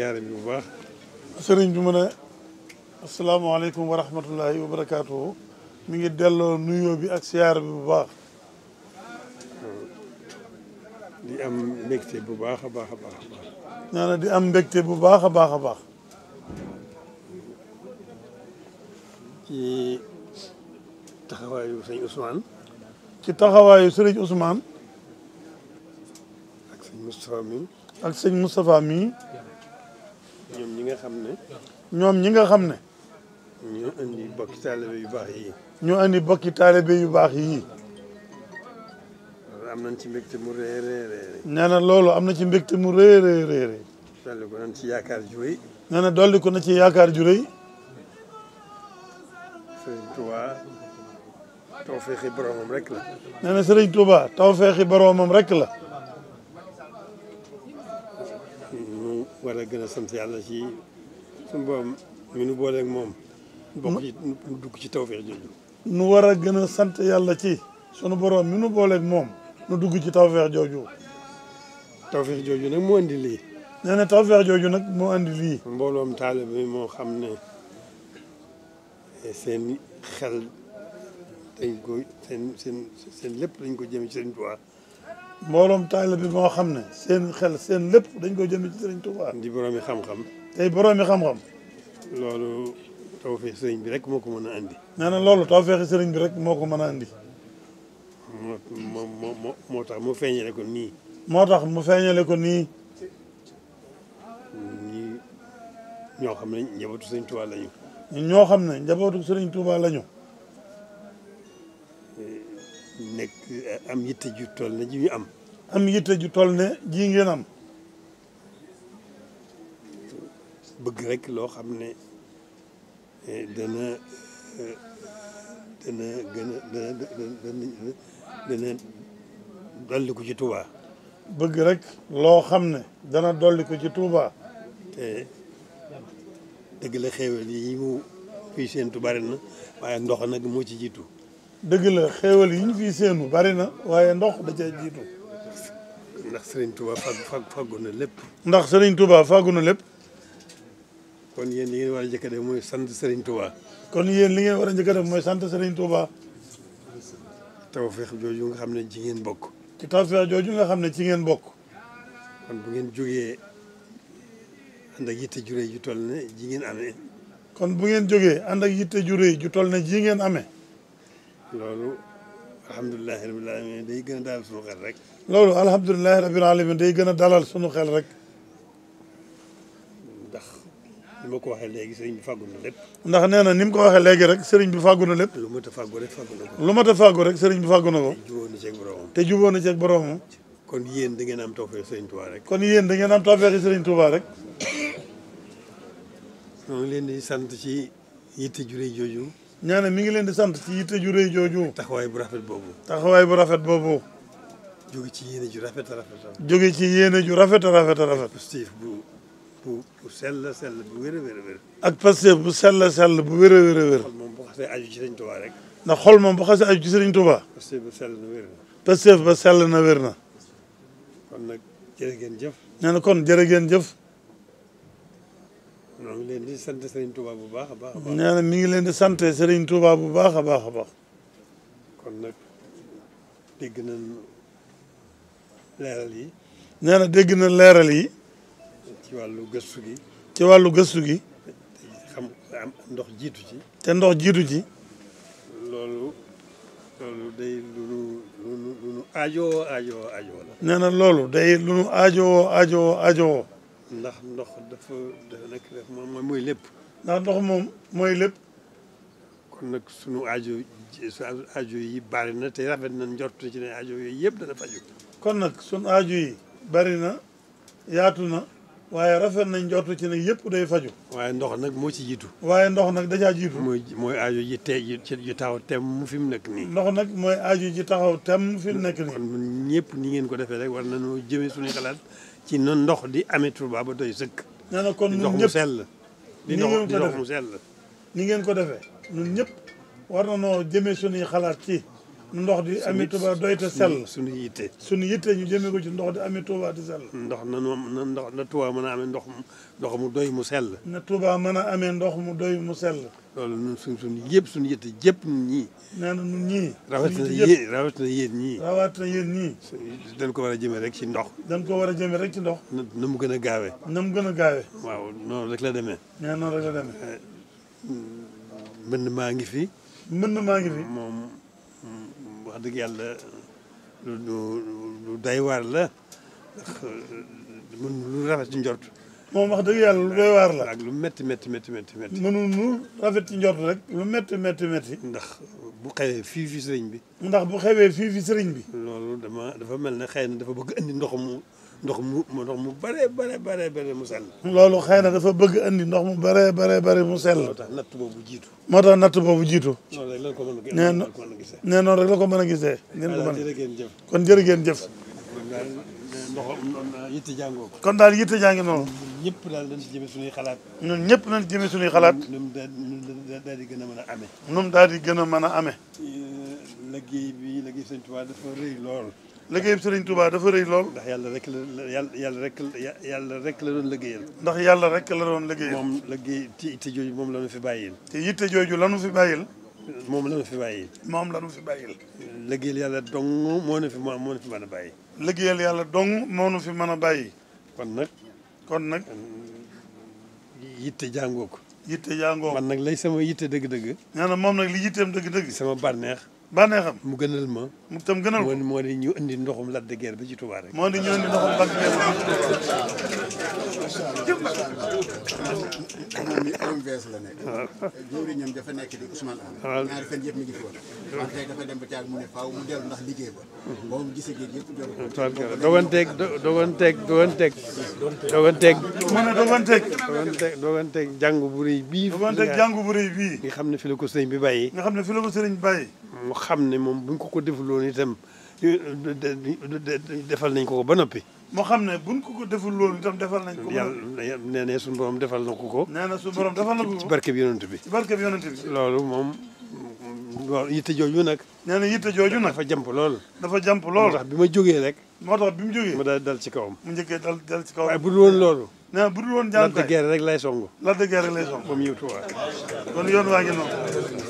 ziyaare bu baax sëriñ bi mu ne asalaamaaleykum wa mu ngi delloo nuyoo bi ak ziyaare bi bu baax di am mbégte bu baax a baax a baax nee na bu baax a baax a baax ci taxawaayu sëñ Ousmane ci taxawaayu sëriñ Ousmane ak sëñ Moustapha mi ñoom ñi nga xam ne. ñoom ñi nga xam ne. ñoo indi bokki taalibe yu baax yii. ñoo indi bokki taalibe yu baax yii. am nañ ci mbégte mu rëy a am na ci mbégte mu rëy a rëy. dolli ko nañ ci yaakaar ju rëy. nee na dolli ko na ci yaakaar ju rëy. Serigne Touba tawféexi boromam rek la. nee na Serigne Touba tawféexi boromam rek la. war a gën a sant yàlla ci suñu borom mi nu booleeg moom. bokk ci dugg ci tawféex jooju. nu war a gën a sant yàlla ci sunu borom mi nu booleeg moom nu dugg ci tawféex jooju. tawféex jooju nag moo indi lii. nee na tawféex jooju nag moo indi lii. mbooloom taale bi moo xam ne seen xel dañ ko seen seen lépp dañ ko jëme ci Sëriñ Tuubaa. mbooloom taalibe bi moo xam ne seen xel seen lépp dañ ko jëme ci sëriñ Touba. di boroomi xam-xam. tey boroomi xam-xam. loolu tawfeexi sëriñ bi rek moo ko mën a andi. nee na loolu sëriñ bi rek moo ko mën a andi. moo tax mu feeñale ko nii. moo tax mu feeñale ko nii. ñoo xam ne njabootu sëriñ Touba lañu. ñoo xam ne njabootu sëriñ Touba lañu. am yitte ju toll ne ji am. am yitte ju ne ji ngeen am. bëgg rekk loo xam ne eh, eh, dana dana dolli ko ci Touba. bëgg rek loo xam ne dana dolli ko ci Touba. te dëgg la xéewal yi mu fii seen Touba ren waaye ndox nag moo ci jiitu. dëgg la xéewal yi ñu fi séenu bari na waaye ndox da cee jiitu. ndax Serigne Touba fag faggu na lépp. ndax Serigne Touba faggu na lépp. kon yéen li ngeen war a njëkk a def mooy sant Serigne Touba. kon yéen li ngeen war a njëkk a def mooy sant Serigne Touba. tawfeex jooju nga xam ne ci ngeen bokk. ci tawfeex jooju nga xam ne ci ngeen bokk. kon bu ngeen jógee ànd ak yitte jure ju toll ne ji ngeen amee. kon bu ngeen jógee ànd ak yitte jure ju toll ne ji ngeen amee. loolu alhamdulilah rabil aalamiina day gën a dalal sunu xel rek. loolu alhamdulilah rabil aalamiina day gën a dalal sunu xel rek. ndax ni ma ko waxee léegi sëriñ bi fàggu na lépp. ndax nee na ni mu ko waxee léegi rek sëriñ bi fàggu lépp. lu mat a fàggu rek lu mat a rek sëriñ bi fàggu na ko. te jubóo na ci ak boromam. te jubóo kon yéen da ngeen am tawfeex sëriñ Touba rek. kon yéen da ngeen am tawfeex sëriñ Touba rek. ñoo leen di sant ci yitte jure jooju. nee mi ngi leen di sant ci yitte ju rëy jooju. taxawaay bu rafet boobu. taxawaay bu rafet boobu. jóge ci yéene ju rafet a rafet. jóge ci yéene a rafet a rafet. Pastef bu bu bu sell sell bu wér a wér ak Pastef bu sell sell bu wér a moom bu xasee aju ci rek. ndax xol moom bu xasee aju ci Sëriñ Tuubaa. ba sell na wér na. Pastef ba na wér na. kon nag ngeen jëf. nee na kon jërë ngeen jëf. ñoo ngi leen bu baax a baax. nee na mi ngi leen di sant Serigne Touba bu baax a baax a baax. kon nag dégg yi. nee na dégg na leeral yi. ci wàllu gëstu gi. ci wàllu gëstu gi. xam am ndox jiitu ci. te ndox jiitu ci. loolu loolu day lu nu lu nu lu nu loolu day lu nu aajowoo aajowoo aajowoo. ndax ndox dafa dafa nekk moom mooy lépp. ndax ndox moom mooy lépp. kon nag sunu aajo su aajo yi bari na te rafet na njort ci ne aajo yooyu yëpp dana faju kon nag sunu ajo yi bari na yaatu na. waaye rafet nañ njortu ci nag yëpp day faju waaye ndox nag moo ci jiitu waaye ndox nag dajaa jiitu mooy mooy aajo ji tee ji taxaw tem mu fi mu nekk nii ndox nag mooy aajo ji taxaw tem mu fi mu nekk nii kon ñëpp ni ngeen ko defee rek war nañoo jëme suñuy xalaat ci noonu ndox di amee Tuuba ba doy sëkk nee na kon ñun ñëpp sell di ndox mu sell ni ngeen ko defee ñun ñëpp war nañoo jëme suñuy xalaat ci ndox di amee Touba doy te sell. suñu yitte suñu yitte ñu jëmee ko ci ndox di amee Touba di sell. ndox na na ndox na Touba mën a amee ndox mu ndox mu doy mu sell. na Touba mën a amee ndox mu doy mu sell. loolu ñun suñ suñu yëpp suñu yitte jëpp ñun ñii. nee na ñun ñii. rawatina yéen rawatina yéen ñii. rawatina yéen ko war a jëmee rek ci ndox. dañ ko war a jëmee rek ci ndox. na mu gën a gaawe na mu gën a gaawee. waaw noonu rek la demee. nee noonu rek la demee. mbënd maa ngi fi. mbënd maa ngi fi moom dëgg yàlla lu lu lu doy waar la ndax lu rafet ci njort. moom wax dëgg yàlla lu doy waar la. ak lu métti métti métti métti métti. mënuñu rafet ci njort rek. lu métti métti métti. ndax bu xewee fii fii sëriñ bi. ndax bu xewee fii fii sëriñ bi. loolu dama dafa mel ne xëy dafa bëgg indi ndox mu. ndox mu ndox mu bare bare bare bare mu sell. loolu xëy na dafa bëgg indi ndox mu bare bare bare mu sell. moo tax natt boobu jiitu. moo tax natt boobu jiitu. noonu rek la ko mën a nee nee noonu rek la ko mën a gisee. ngeen ko mën kon jërë ngeen jëf. yitte jàngoo ko. kon daal yitte jàngi noonu. ñun ñëpp daal dañ ci jëmee suñuy xalaat. ñun ñëpp dañ ci suñuy xalaat. ñun daal di gën a mën a amee. ñun daal di gën a mën a amee. Euh, liggéey bi liggéey Sëñ Tuubaa dafa rëy lool. liggéeyub Serigne Touba dafa rëy lool. ndax yàlla rek la yàlla rek yàlla rek la doon liggéeyal. ndax yàlla rek la doon liggéeyal. moom liggéey ci yitte moom la nu fi bàyyil. te yitte jooju la nu bàyyil. moom la nu fi bàyyil. moom la nu bàyyil. liggéeyal yàlla dong moo nu fi moo nu a bàyyi. liggéeyal yàlla dong moo nu fi mën a bàyyi. kon nag. kon nag. yitte jàngoo ko. yitte jàngoo ko man nag lay sama yitte dëgg-dëgg. nee moom nag li yitteem dëgg-dëgg. sama bànneex. bànneexam mu gënal ma mu tam gënal ko moo di ñu indi ndoxum Lac de ba ci Touba rek moo di ñu indi ndoxum Lac de la nekk jëwri ñoom dafa nekk di Ousmane Anne ñaari dem ba mu ne faaw mu dellu ndax liggéey ba mhm. boo mu gisee géej yëpp dellu doganteeg doganteeg doganteeg doganteeg doganteeg doganteeg jàngu bu rëy bii doganteeg jàngu bu rëy bii nga xam ne fi la ko sëriñ bi bàyyi nga xam ne fi la ko sëriñ bi bàyyi mu xam ne moom bu buñ ko ko defuloon itam defal nañ ko ko ba noppi. moo xam ne bu buñ ko ko deful loolu itam defal nañ ko. yàlla nee na suñu borom defal na ko ko. nee na suñu borom defal na ko ko ci barke bi yonent bi. ci barke bi yonent loolu moom loolu yitte jooju nag. nee na yitte jooju nag dafa jàmp lool. dafa jàmp lool moo tax bi ma jógee rek. moo tax bi mu jógee mu daal dal ci kawam. mu njëkkee dal dal ci kawam bu dul loolu. nee na bu dul woon jànkuwaay laajte rek lay songu. laajte guerre rek lay songu. kon yoon waa noonu.